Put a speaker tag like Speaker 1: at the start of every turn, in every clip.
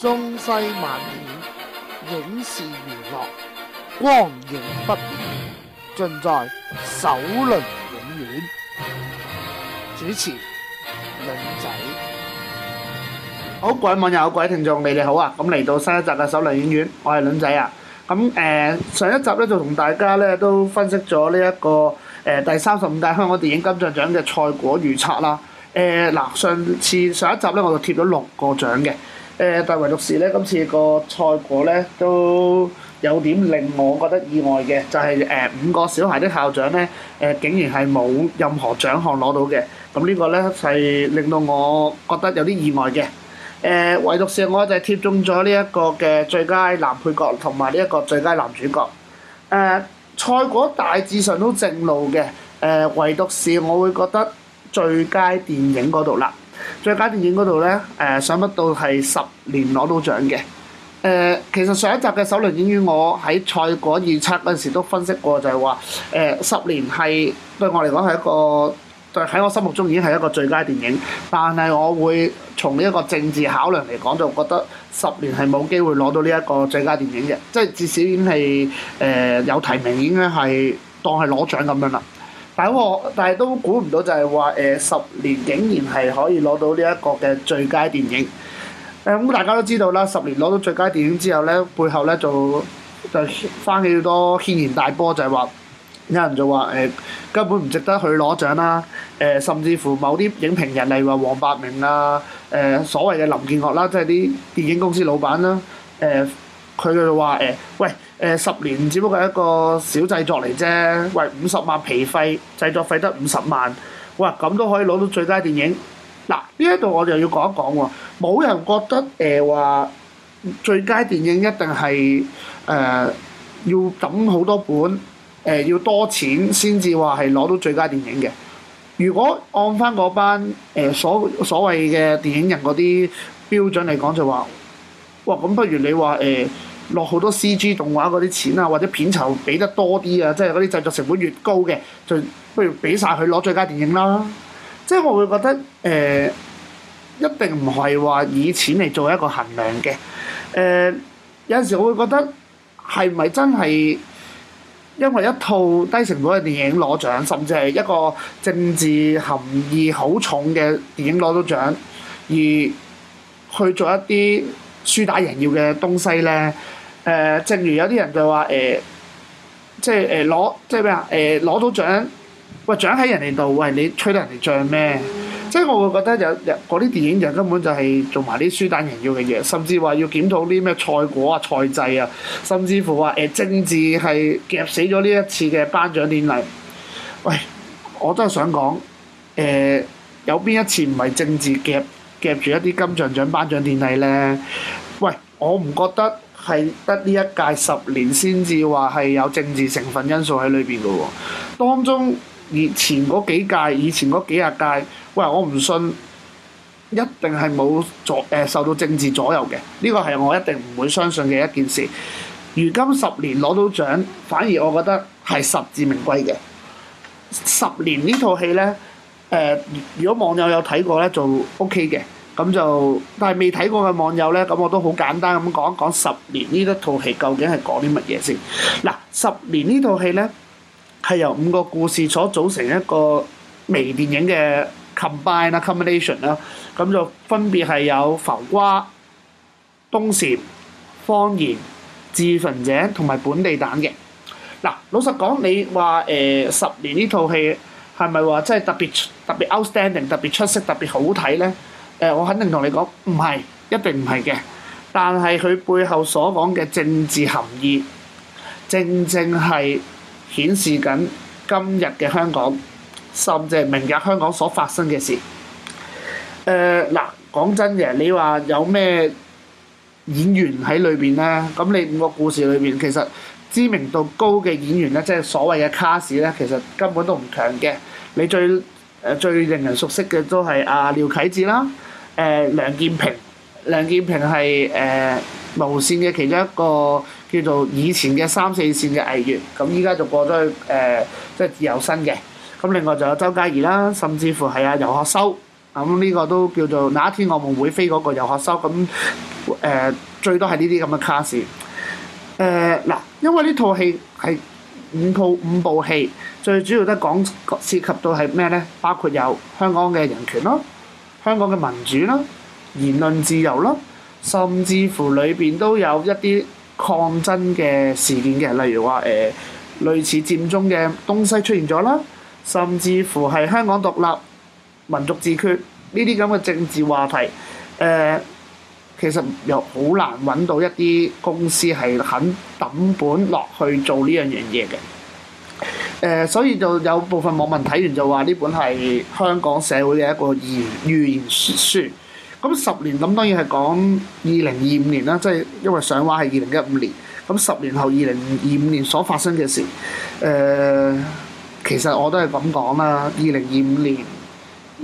Speaker 1: 中西漫影，影視娛樂，光影不滅，盡在首倫映院。主持：倫仔。好，各位網友，各位聽眾，你哋好啊！咁嚟到新一集嘅首倫映院，我係倫仔啊！咁誒、呃，上一集咧就同大家咧都分析咗呢一個誒、呃、第三十五屆香港電影金像獎嘅賽果預測啦。誒、呃、嗱、呃，上次上一集咧我就貼咗六個獎嘅。誒，但係唯獨是咧，今次個賽果咧都有點令我覺得意外嘅，就係誒五個小孩的校長咧，誒竟然係冇任何獎項攞到嘅，咁呢個咧係令到我覺得有啲意外嘅。誒，唯獨是我就係貼中咗呢一個嘅最佳男配角同埋呢一個最佳男主角。誒，賽果大致上都正路嘅。誒，唯獨是，我會覺得最佳電影嗰度啦。最佳電影嗰度咧，誒、呃、想不到係十年攞到獎嘅。誒、呃、其實上一集嘅首倫映院，我喺賽果預測嗰陣時都分析過就，就係話誒十年係對我嚟講係一個，對喺我心目中已經係一個最佳電影。但係我會從呢一個政治考量嚟講，就覺得十年係冇機會攞到呢一個最佳電影嘅，即係至少已經係誒、呃、有提名已經咧係當係攞獎咁樣啦。但係都估唔到就係話誒十年竟然係可以攞到呢一個嘅最佳電影。誒、呃、咁大家都知道啦，十年攞到最佳電影之後咧，背後咧就就翻起好多軒然大波，就係話有人就話誒、呃、根本唔值得去攞獎啦。誒、呃、甚至乎某啲影評人，例如話黃百鳴啊，誒、呃、所謂嘅林建岳啦，即係啲電影公司老闆啦，誒、呃。佢就話誒、欸，喂誒、呃，十年只不過係一個小製作嚟啫。喂，五十萬皮費，製作費得五十萬，哇！咁都可以攞到最佳電影。嗱，呢一度我就要講一講喎、哦。冇人覺得誒、呃、話最佳電影一定係誒、呃、要揼好多本誒、呃，要多錢先至話係攞到最佳電影嘅。如果按翻嗰班誒、呃、所所謂嘅電影人嗰啲標準嚟講，就話哇，咁不如你話誒？呃落好多 CG 動畫嗰啲錢啊，或者片酬俾得多啲啊，即係嗰啲製作成本越高嘅，就不如俾晒佢攞最佳電影啦。即係我會覺得，誒、呃、一定唔係話以錢嚟做一個衡量嘅。誒、呃、有陣時我會覺得係咪真係因為一套低成本嘅電影攞獎，甚至係一個政治含義好重嘅電影攞到獎，而去做一啲輸打贏要嘅東西咧？誒、呃，正如有啲人就話誒、呃，即係誒攞即係咩啊？誒、呃、攞到獎，喂，獎喺人哋度，餵你吹得人哋脹咩？即係我會覺得有啲電影就根本就係做埋啲輸打贏要嘅嘢，甚至話要檢討啲咩賽果啊賽制啊，甚至乎話誒、呃、政治係夾死咗呢一次嘅頒獎典禮。喂，我都係想講誒、呃，有邊一次唔係政治夾夾住一啲金像獎頒獎典禮咧？喂，我唔覺得。係得呢一屆十年先至話係有政治成分因素喺裏邊嘅喎，當中以前嗰幾屆以前嗰幾廿屆，喂我唔信一定係冇咗誒受到政治左右嘅，呢、這個係我一定唔會相信嘅一件事。如今十年攞到獎，反而我覺得係實至名歸嘅。十年呢套戲呢，誒、呃、如果網友有睇過呢，就 OK 嘅。咁就但係未睇過嘅網友咧，咁我都好簡單咁講講十年呢一套戲究竟係講啲乜嘢先，嗱。十年呢套戲咧係由五個故事所組成一個微電影嘅 combine，啊 combination 啦。咁就分別係有浮瓜、冬蟬、方言、自焚者同埋本地蛋嘅，嗱。老實講，你話誒，十年呢套戲係咪話真係特別特別 outstanding 特別出色特別好睇咧？誒、呃，我肯定同你講，唔係，一定唔係嘅。但係佢背後所講嘅政治含義，正正係顯示緊今日嘅香港，甚至係明日香港所發生嘅事。誒、呃，嗱，講真嘅，你話有咩演員喺裏邊咧？咁你五個故事裏邊，其實知名度高嘅演員咧，即係所謂嘅卡士咧，其實根本都唔強嘅。你最誒、呃、最令人熟悉嘅都係阿、啊、廖啟智啦。誒、呃、梁健平，梁健平係誒、呃、無線嘅其中一個叫做以前嘅三四線嘅藝員，咁依家就過咗去誒、呃、即係自由身嘅。咁另外就有周嘉怡啦，甚至乎係阿遊學修，咁、嗯、呢、這個都叫做哪一天我們會飛嗰個遊學修。咁、嗯、誒、呃、最多係呢啲咁嘅卡士嗱，因為呢套戲係五套五部戲，最主要都講涉及到係咩咧？包括有香港嘅人權咯。香港嘅民主啦、言論自由啦，甚至乎裏邊都有一啲抗爭嘅事件嘅，例如話誒類似佔中嘅東西出現咗啦，甚至乎係香港獨立、民族自決呢啲咁嘅政治話題，誒其實又好難揾到一啲公司係肯抌本落去做呢樣樣嘢嘅。誒、呃，所以就有部分網民睇完就話呢本係香港社會嘅一個預言書。咁十年咁當然係講二零二五年啦，即、就、係、是、因為上畫係二零一五年。咁十年後二零二五年所發生嘅事，誒、呃，其實我都係咁講啦。二零二五年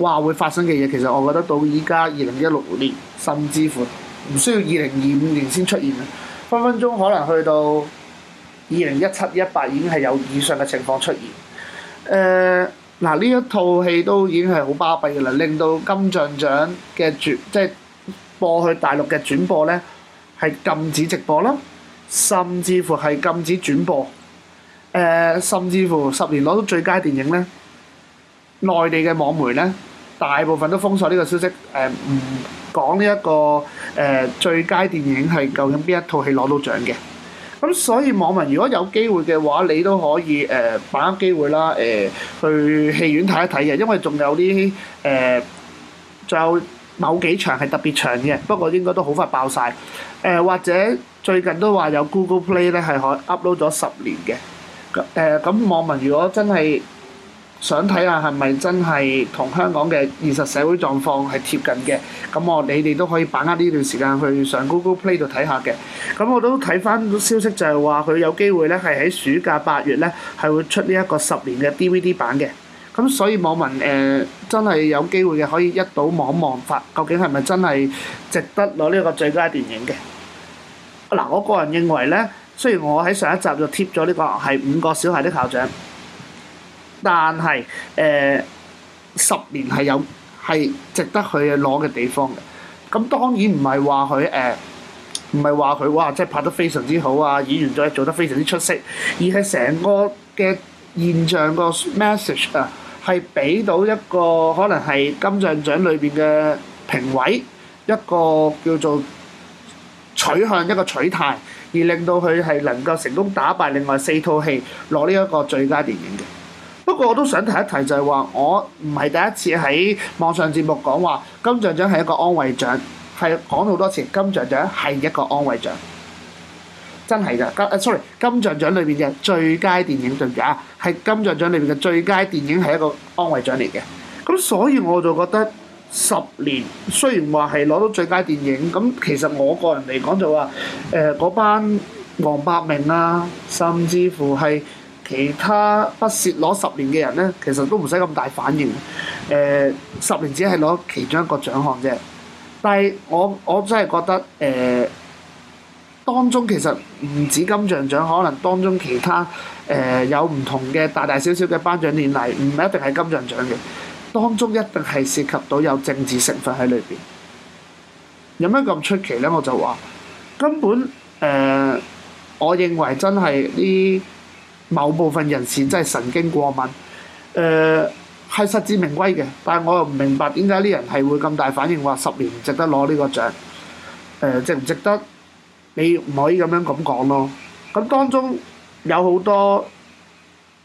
Speaker 1: 話會發生嘅嘢，其實我覺得到依家二零一六年，甚至乎唔需要二零二五年先出現啊，分分鐘可能去到。二零一七一八已經係有以上嘅情況出現。誒，嗱呢一套戲都已經係好巴閉㗎喇，令到金像獎嘅轉即係播去大陸嘅轉播咧，係禁止直播啦，甚至乎係禁止轉播。誒，甚至乎十年攞到最佳電影咧，內地嘅網媒咧，大部分都封鎖呢個消息，誒，唔講呢一個誒最佳電影係究竟邊一套戲攞到獎嘅。咁所以網民如果有機會嘅話，你都可以誒、呃、把握機會啦，誒、呃、去戲院睇一睇嘅，因為仲有啲誒，仲、呃、有某幾場係特別長嘅，不過應該都好快爆晒。誒、呃、或者最近都話有 Google Play 咧係可 upload 咗十年嘅，誒、呃、咁網民如果真係。想睇下係咪真係同香港嘅現實社會狀況係貼近嘅，咁我你哋都可以把握呢段時間去上 Google Play 度睇下嘅。咁我都睇返消息就係話佢有機會咧係喺暑假八月咧係會出呢一個十年嘅 DVD 版嘅。咁所以網民誒、呃、真係有機會嘅可以一睹網望法。究竟係咪真係值得攞呢個最佳電影嘅？嗱，我個人認為咧，雖然我喺上一集就貼咗呢、這個係五個小孩的校長。但係誒十年係有係值得佢去攞嘅地方嘅。咁當然唔係話佢誒唔係話佢哇，即係拍得非常之好啊！演員都係做得非常之出色，而係成個嘅現象個 message，啊，係俾到一個可能係金像獎裏邊嘅評委一個叫做取向一個取態，而令到佢係能夠成功打敗另外四套戲攞呢一個最佳電影嘅。不過我都想提一提就係話，我唔係第一次喺網上節目講話金像獎係一個安慰獎，係講好多次金像獎係一個安慰獎，真係㗎。金誒，sorry，金像獎裏面嘅最佳電影對唔住啊，係金像獎裏面嘅最佳電影係一個安慰獎嚟嘅。咁所以我就覺得十年雖然話係攞到最佳電影，咁其實我個人嚟講就話誒嗰班黃百鳴啦，甚至乎係。其他不屑攞十年嘅人呢，其實都唔使咁大反應。誒，十年只係攞其中一個獎項啫。但係我我真係覺得誒，當中其實唔止金像獎，可能當中其他誒有唔同嘅大大小小嘅頒獎典禮，唔一定係金像獎嘅。當中一定係涉及到有政治成分喺裏邊。有咩咁出奇呢？我就話根本誒，我認為真係呢。某部分人士真係神經過敏，誒、呃、係實至名歸嘅。但係我又唔明白點解啲人係會咁大反應，話十年唔值得攞呢個獎、呃、值唔值得？你唔可以咁樣咁講咯。咁、嗯、當中有好多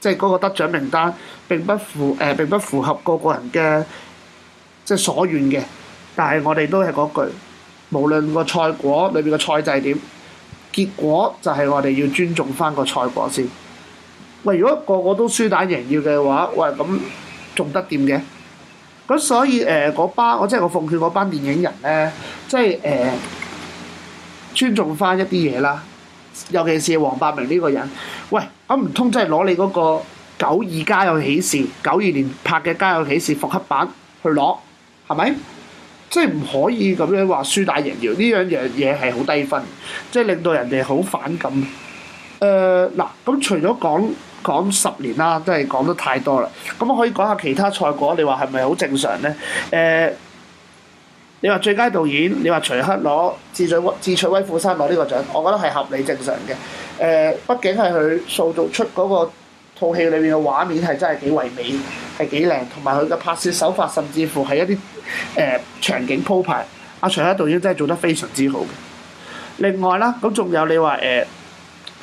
Speaker 1: 即係嗰個得獎名單並不符誒、呃，並不符合個個人嘅即係所願嘅。但係我哋都係嗰句，無論個賽果裏邊嘅賽制點，結果就係我哋要尊重翻個賽果先。喂，如果個個都輸打贏要嘅話，喂，咁仲得掂嘅？咁所以誒，嗰班我即係我奉勸嗰班電影人咧，即係誒、呃、尊重翻一啲嘢啦。尤其是黃百鳴呢個人，喂，咁唔通真係攞你嗰個九二家有喜事，九二年拍嘅家有喜事復刻版去攞，係咪？即係唔可以咁樣話輸打贏要呢樣嘢，嘢係好低分，即係令到人哋好反感。誒嗱，咁，呃啊啊，除咗講講十年啦，真係講得太多啦。咁，啊，可以講下其他賽果，你話係咪好正常咧？誒，呃，你話最佳導演，你話徐克攞智取智取威虎山攞呢個獎，我覺得係合理正常嘅。誒，呃，畢竟係佢塑造出嗰個套戲裏面嘅畫面係真係幾唯美，係幾靚，同埋佢嘅拍攝手法，甚至乎係一啲誒、呃，場景鋪排，阿、啊，徐克導演真係做得非常之好。另外啦，咁仲有你話誒。呃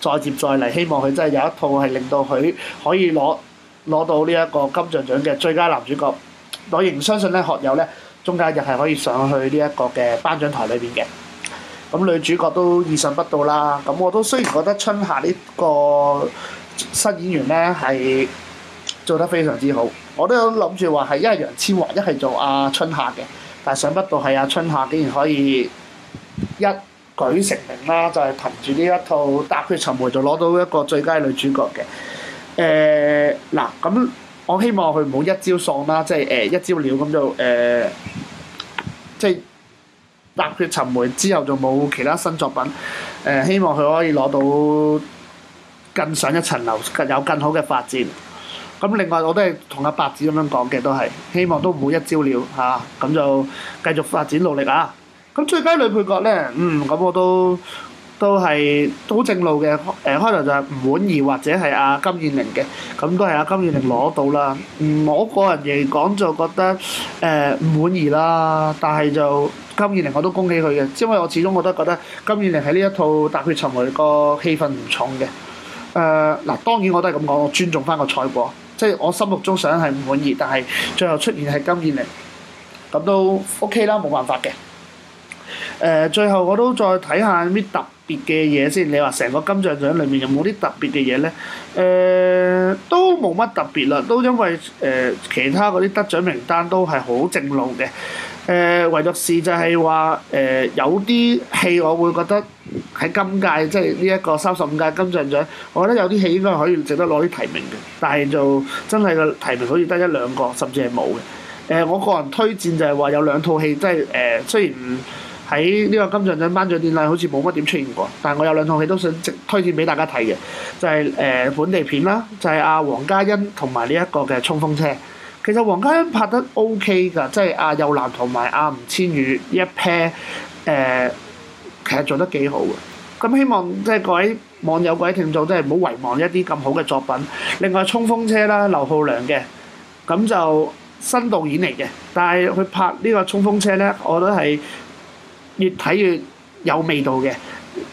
Speaker 1: 再接再厲，希望佢真係有一套係令到佢可以攞攞到呢一個金像獎嘅最佳男主角，我仍相信咧，學友咧，中間亦係可以上去呢一個嘅頒獎台裏邊嘅。咁女主角都意想不到啦。咁我都雖然覺得春夏呢個新演員咧係做得非常之好，我都有諗住話係一係楊千嬅，一係做阿春夏嘅，但係上不到係阿春夏，竟然可以一舉成名啦，就係、是、憑住呢一套《踏血尋梅》就攞到一個最佳女主角嘅。誒、呃、嗱，咁我希望佢唔好一朝喪啦，即係誒一朝了咁就誒，即、呃、係《踏、就是、血尋梅》之後就冇其他新作品。誒、呃、希望佢可以攞到更上一層樓，更有更好嘅發展。咁另外我都係同阿白子咁樣講嘅，都係希望都唔好一朝了嚇，咁、啊、就繼續發展努力啊！咁最佳女配角咧，嗯，咁我都都係好正路嘅。誒，開頭就係唔滿意或者係阿金燕玲嘅，咁都係阿金燕玲攞到啦。嗯，我個人嚟講就覺得誒唔滿意啦。但係就金燕玲我都恭喜佢嘅，因為我始終我都覺得金燕玲喺呢一套《踏血尋梅》個戲份唔重嘅。誒嗱，當然我都係咁講，我尊重翻個賽果。即係我心目中想係唔滿意，但係最後出現係金燕玲，咁都 OK 啦，冇辦法嘅。誒、呃、最後我都再睇下啲特別嘅嘢先。你話成個金像獎裏面有冇啲特別嘅嘢咧？誒、呃、都冇乜特別啦，都因為誒、呃、其他嗰啲得獎名單都係好正路嘅。誒、呃、唯獨是就係話誒有啲戲我會覺得喺今屆即係呢一個三十五屆金像獎，我覺得有啲戲應該可以值得攞啲提名嘅。但係就真係個提名好似得一兩個，甚至係冇嘅。誒、呃、我個人推薦就係話有兩套戲，即係誒雖然，喺呢個金像獎頒獎典禮好似冇乜點出現過，但係我有兩套戲都想直推薦俾大家睇嘅，就係、是、誒本地片啦，就係阿王家欣同埋呢一個嘅《衝鋒車》。其實王家欣拍得 O K 㗎，即係阿右男同埋阿吳千語一 pair 誒、呃，其實做得幾好嘅。咁希望即係各位網友、各位聽眾都係唔好遺忘一啲咁好嘅作品。另外《衝鋒車》啦，劉浩良嘅咁就新導演嚟嘅，但係佢拍呢個《衝鋒車》咧，我覺得係。越睇越有味道嘅，誒、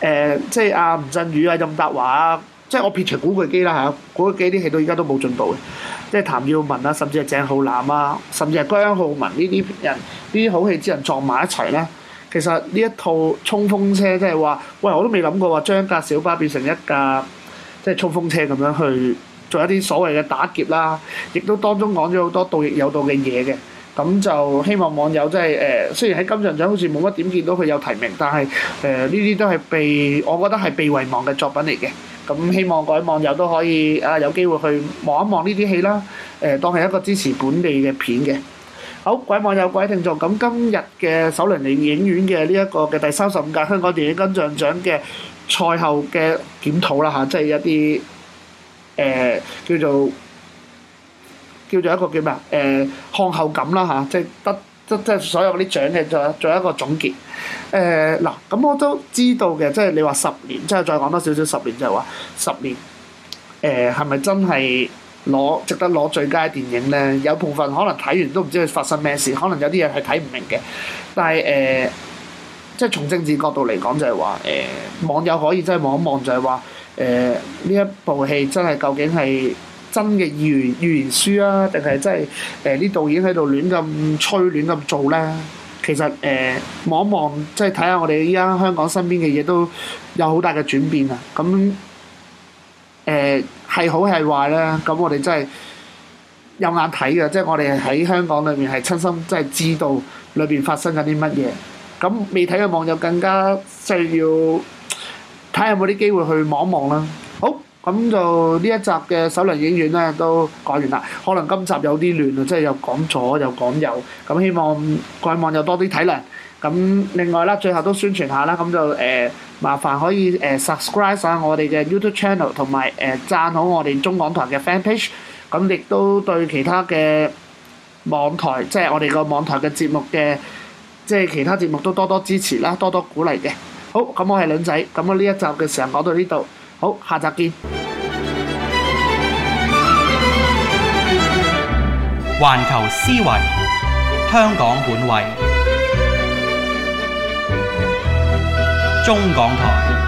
Speaker 1: 呃，即係、啊、阿吳鎮宇啊、任達華啊，即係我撇除古巨基啦嚇，古巨基啲戲到依家都冇進步嘅，即係譚耀文啊，甚至係鄭浩南啊，甚至係姜皓文呢啲人，呢啲好戲之人撞埋一齊啦，其實呢一套衝鋒車即係話，喂，我都未諗過話將架小巴變成一架即係、就是、衝鋒車咁樣去做一啲所謂嘅打劫啦，亦都當中講咗好多盜亦有道嘅嘢嘅。咁就希望網友即係誒，雖然喺金像獎好似冇乜點見到佢有提名，但係誒呢啲都係被我覺得係被遺忘嘅作品嚟嘅。咁希望各位網友都可以啊有機會去望一望呢啲戲啦，誒、呃、當係一個支持本地嘅片嘅。好，各位網友、各位聽眾，咁今日嘅首輪嚟影院嘅呢一個嘅第三十五屆香港電影金像獎嘅賽後嘅檢討啦嚇，即、啊、係、就是、一啲誒、呃、叫做。叫做一個叫咩啊？誒、呃，看後感啦嚇、啊，即係得，即即係所有嗰啲獎嘅作做，做一個總結。誒、呃、嗱，咁我都知道嘅，即係你話十年，即係再講多少少十年就係話十年。誒係咪真係攞值得攞最佳電影咧？有部分可能睇完都唔知佢發生咩事，可能有啲嘢係睇唔明嘅。但係誒、呃，即係從政治角度嚟講就，就係話誒，網友可以真係望一望，就係話誒呢一部戲真係究竟係。真嘅預言預言書啊，定係真係誒呢導演喺度亂咁吹亂咁做咧？其實誒、呃、望一望，即係睇下我哋依家香港身邊嘅嘢都有好大嘅轉變啊！咁誒係好係壞啦、啊，咁我哋真係有眼睇嘅，即、就、係、是、我哋喺香港裏面係親身，即係知道裏邊發生緊啲乜嘢。咁未睇嘅網友更加即係要睇下有冇啲機會去望一望啦、啊。好。咁就呢一集嘅首倫映院咧都講完啦，可能今集有啲亂啊，即係又講左又講右，咁希望各位網友多啲體諒。咁另外啦，最後都宣傳下啦，咁就誒麻煩可以誒 subscribe 下我哋嘅 YouTube channel，同埋誒讚好我哋中港台嘅 fan page。咁亦都對其他嘅網台，即係我哋個網台嘅節目嘅，即係其他節目都多多支持啦，多多鼓勵嘅。好，咁我係倫仔，咁我呢一集嘅時候講到呢度。好，下集見。環球思維，香港本位，中港台。